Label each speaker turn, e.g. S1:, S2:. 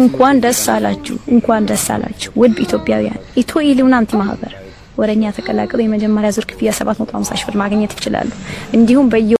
S1: እንኳን ደስ አላችሁ፣ እንኳን ደስ አላችሁ ውድ ኢትዮጵያውያን። ኢትዮ ኢሊውን አንቲ ማህበር ወረኛ ተቀላቀሉ። የመጀመሪያ ዙር ክፍያ 750 ሺህ ብር ማግኘት ይችላሉ። እንዲሁም በየ